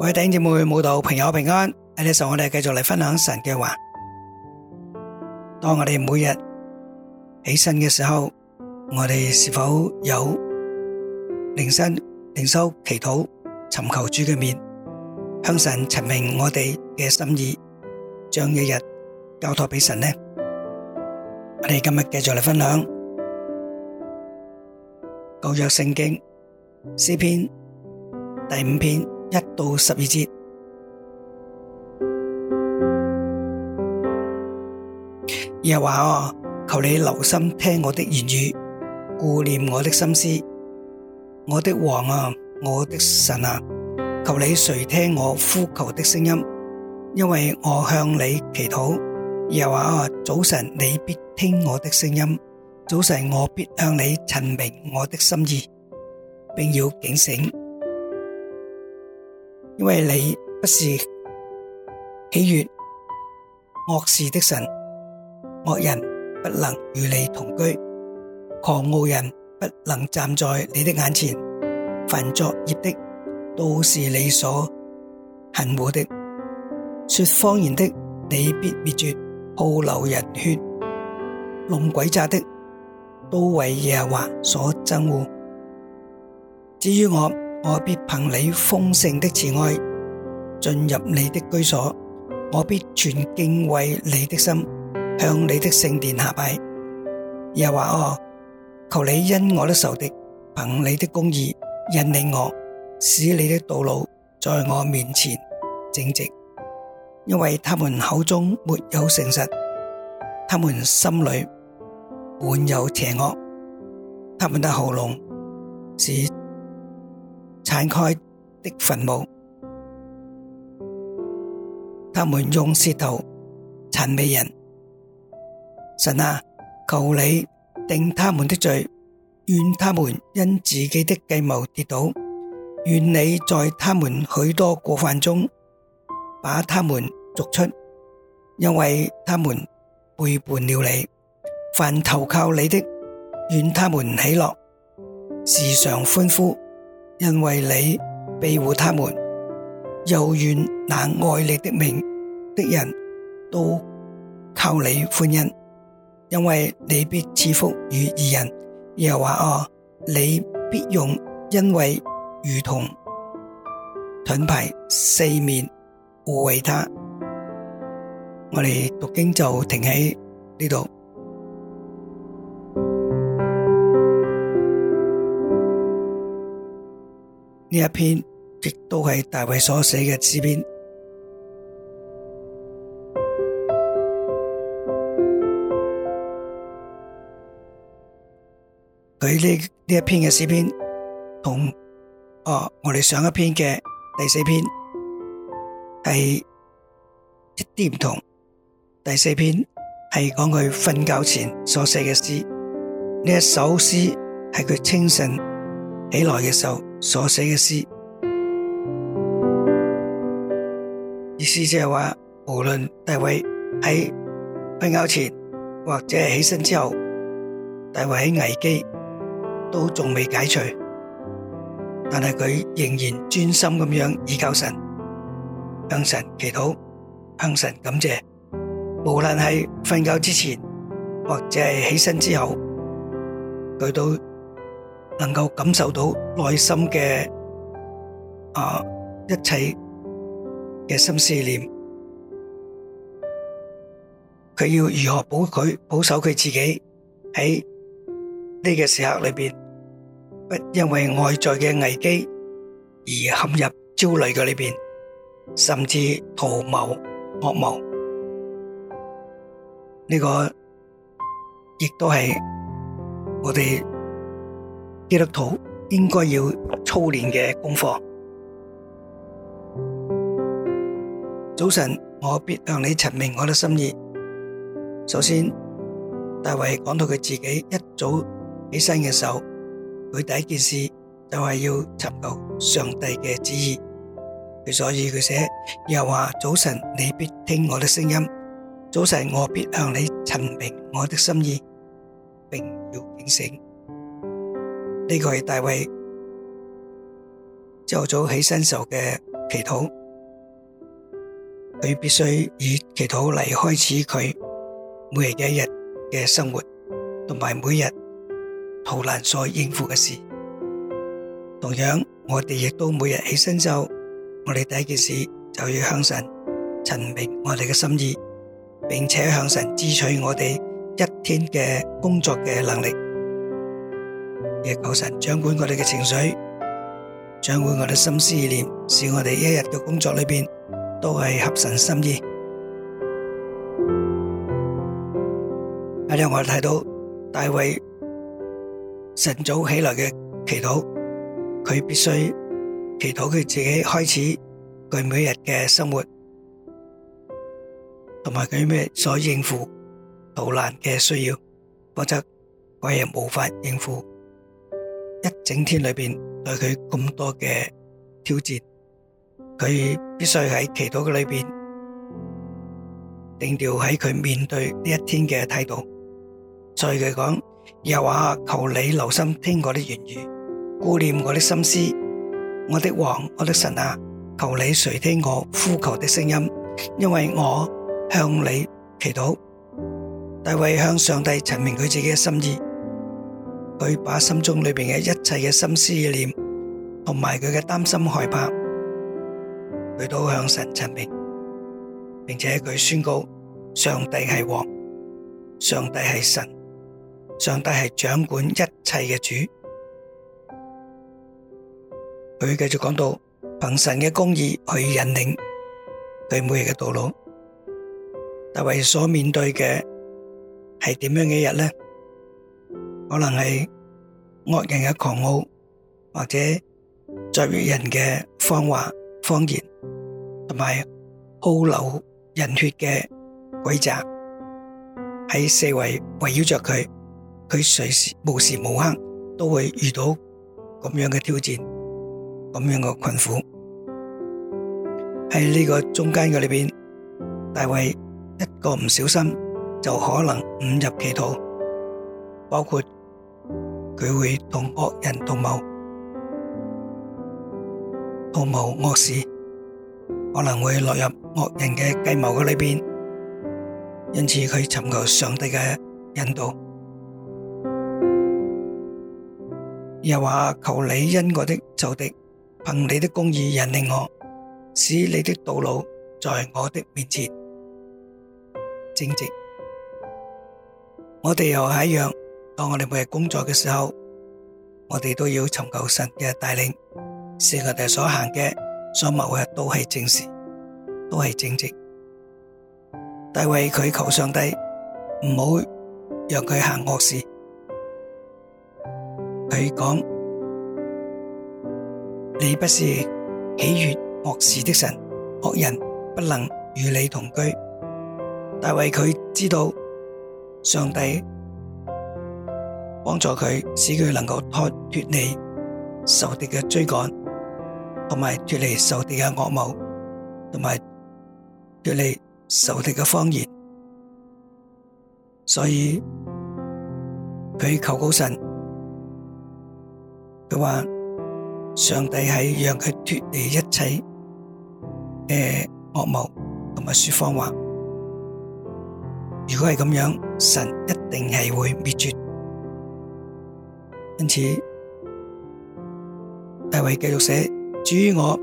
各位弟兄姊妹、信徒、朋友平安。喺呢時候，我哋繼續嚟分享神嘅話。當我哋每日起身嘅時候，我哋是否有靈身、靈修、祈禱、尋求主嘅面，向神陳明我哋嘅心意，將一日交託俾神呢？我哋今日繼續嚟分享舊約聖經詩篇第五篇。一到十二節，耶和華啊，求你留心聽我的言語，顧念我的心思，我的王啊，我的神啊，求你垂聽我呼求的聲音，因為我向你祈禱。耶和華啊，早晨你必聽我的聲音，早晨我必向你陳明我的心意，並要警醒。因為你不是喜悦惡事的神，惡人不能與你同居，狂傲人不能站在你的眼前，凡作孽的都是你所恨惡的，說謊言的你必滅絕，好流人血，弄詭詐的都為耶和華所憎惡。至於我。我必憑你豐盛的慈愛進入你的居所，我必全敬畏你的心，向你的聖殿下拜。又話哦，求你因我得仇的仇敵，憑你的公義引領我，使你的道路在我面前正直，因為他們口中沒有誠實，他們心裏滿有邪惡，他們的喉嚨是。敞開的墳墓，他們用舌頭諂媚人。神啊，求你定他們的罪，願他們因自己的計謀跌倒，願你在他們許多過犯中把他們逐出，因為他們背叛了你。凡投靠你的，願他們喜樂，時常歡呼。因為你庇護他們，又願那愛力的命的人都靠你寬欣。因為你必賜福與二人，又話哦，你必用，因為如同盾牌四面護衛他。我哋讀經就停喺呢度。呢一篇亦都係大衛所寫嘅詩篇。佢呢呢一篇嘅詩篇，同、哦、我哋上一篇嘅第四篇係一啲唔同。第四篇係講佢瞓覺前所寫嘅詩，呢一首詩係佢清晨。起來嘅時候所寫嘅詩，意思就係話，無論大衛喺瞓覺前或者係起身之後，大衛喺危機都仲未解除，但係佢仍然專心咁樣倚靠神，向神祈禱，向神感謝，無論係瞓覺之前或者係起身之後，佢都。能夠感受到內心嘅啊一切嘅心思念，佢要如何保佢保守佢自己喺呢個時刻裏邊，不因為外在嘅危機而陷入焦慮嘅裏邊，甚至圖謀惡謀，呢個亦都係我哋。基督徒應該要操練嘅功課。早晨，我必向你陳明我的心意。首先，大衛講到佢自己一早起身嘅時候，佢第一件事就係要尋求上帝嘅旨意。佢，所以佢寫，又話早晨你必聽我的聲音。早晨我必向你陳明我的心意，並要警醒。呢個係大衛朝早起身時嘅祈禱，佢必須以祈禱嚟，開始佢每日嘅一日嘅生活，同埋每日好難所應付嘅事。同樣，我哋亦都每日起身之後，我哋第一件事就要向神陳明我哋嘅心意，並且向神支取我哋一天嘅工作嘅能力。亦求神掌管我哋嘅情緒，掌管我哋心思意念，使我哋一日嘅工作裏邊都係合神心意。阿聽我哋睇到大衛晨早起來嘅祈禱，佢必須祈禱佢自己開始佢每日嘅生活，同埋佢咩所應付困難嘅需要，否則我亦無法應付。一整天裏邊，對佢咁多嘅挑戰，佢必須喺祈禱嘅裏邊定調喺佢面對呢一天嘅態度。所以佢講又話：求你留心聽我的言語，顧念我的心思，我的王，我的神啊！求你垂聽我呼求的聲音，因為我向你祈禱。大衛向上帝陳明佢自己嘅心意。佢把心中裏面嘅一切嘅心思意念，同埋佢嘅擔心害怕，佢都向神陳明，並且佢宣告：上帝係王，上帝係神，上帝係掌管一切嘅主。佢繼續講到，憑神嘅公義去引領佢每日嘅道路。大衛所面對嘅係點樣嘅日呢？可能係惡人嘅狂傲，或者作惡人嘅謊話、謊言，同埋好流人血嘅詭詐，喺四圍圍繞着佢，佢隨時無時無刻都會遇到咁樣嘅挑戰，咁樣嘅困苦。喺呢個中間嘅裏邊，大衛一個唔小心就可能誤入歧途，包括。佢會同惡人同謀，同謀惡事，可能會落入惡人嘅計謀嘅裏邊，因此佢尋求上帝嘅引導。又話求你因我的仇敵，憑你的公義引領我，使你的道路在我的面前正直。我哋又係一樣。當我哋每日工作嘅時候，我哋都要尋求神嘅帶領，使佢哋所行嘅所謀嘅都係正事，都係正直。大衛佢求上帝唔好讓佢行惡事，佢講：你不是喜悦惡事的神，惡人不能與你同居。大衛佢知道上帝。幫助佢，使佢能夠脱脫離仇敵嘅追趕，同埋脫離仇敵嘅惡謀，同埋脫離仇敵嘅謊言。所以佢求告神，佢話上帝係讓佢脫離一切的惡謀同埋說謊話。如果係咁樣，神一定係會滅絕。因此，大衛繼續寫：至於我，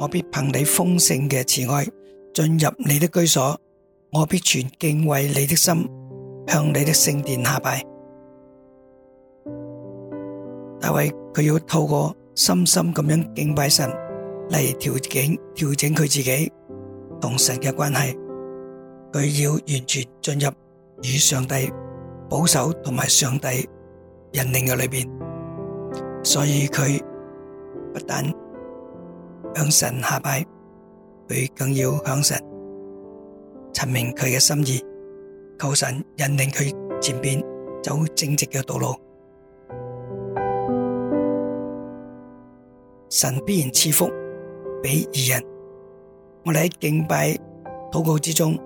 我必憑你豐盛嘅慈愛進入你的居所；我必全敬畏你的心，向你的聖殿下拜。大衛佢要透過深深咁樣敬拜神嚟調整調整佢自己同神嘅關係，佢要完全進入與上帝保守同埋上帝引領嘅裏邊。所以佢不但向神下拜，佢更要向神陳明佢嘅心意，求神引領佢前邊走正直嘅道路。神必然賜福俾二人。我哋喺敬拜禱告之中，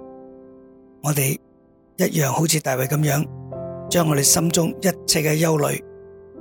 我哋一樣好似大衛咁樣，將我哋心中一切嘅憂慮。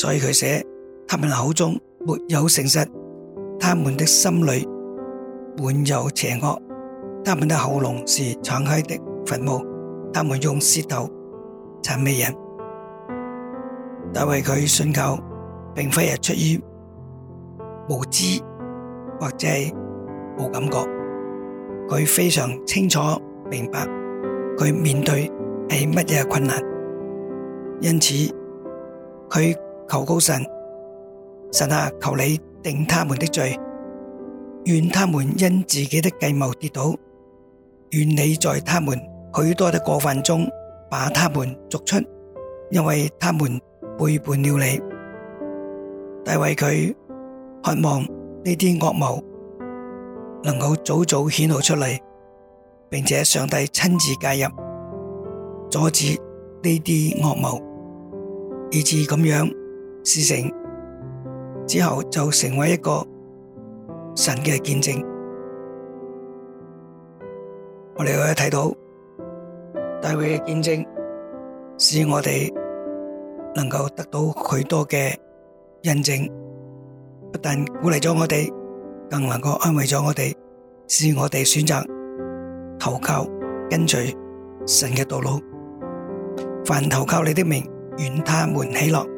所以佢寫：他們口中沒有誠實，他們的心裏滿有邪惡，他們的喉嚨是敞開的墳墓，他們用舌頭諂媚人。但為佢尋求，並非係出於無知或者係冇感覺，佢非常清楚明白佢面對係乜嘢困難，因此佢。求告神，神啊，求你定他們的罪，願他們因自己的計謀跌倒，願你在他們許多的過犯中把他們逐出，因為他們背叛了你。但為佢，渴望呢啲惡謀能夠早早顯露出嚟，並且上帝親自介入，阻止呢啲惡謀，以致咁樣。事成之後就成為一個神嘅見證，我哋可以睇到大衛嘅見證，使我哋能夠得到許多嘅印證，不但鼓勵咗我哋，更能夠安慰咗我哋，使我哋選擇投靠跟隨神嘅道路。凡投靠你的名，願他們喜樂。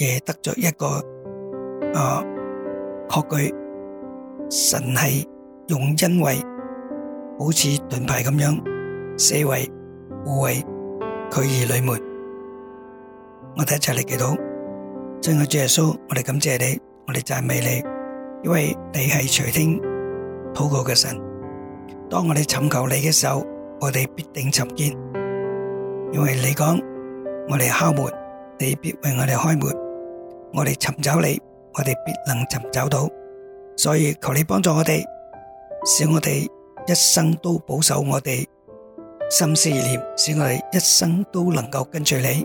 也得着一個，啊，確據神係用恩惠，好似盾牌咁樣，四圍護衛佢兒女們。我哋一齊嚟祈禱，真係主耶穌，我哋感謝你，我哋讚美你，因為你係垂聽禱告嘅神。當我哋尋求你嘅時候，我哋必定尋見，因為你講我哋敲門，你必為我哋開門。我哋尋找你，我哋必能尋找到，所以求你幫助我哋，使我哋一生都保守我哋心思意念，使我哋一生都能夠跟隨你。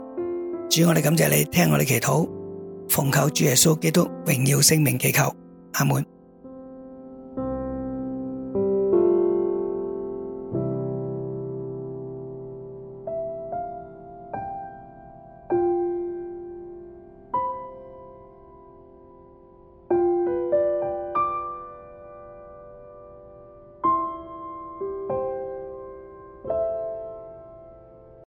主，我哋感謝你，聽我哋祈禱，奉靠主耶穌基督榮耀聖名祈求，阿門。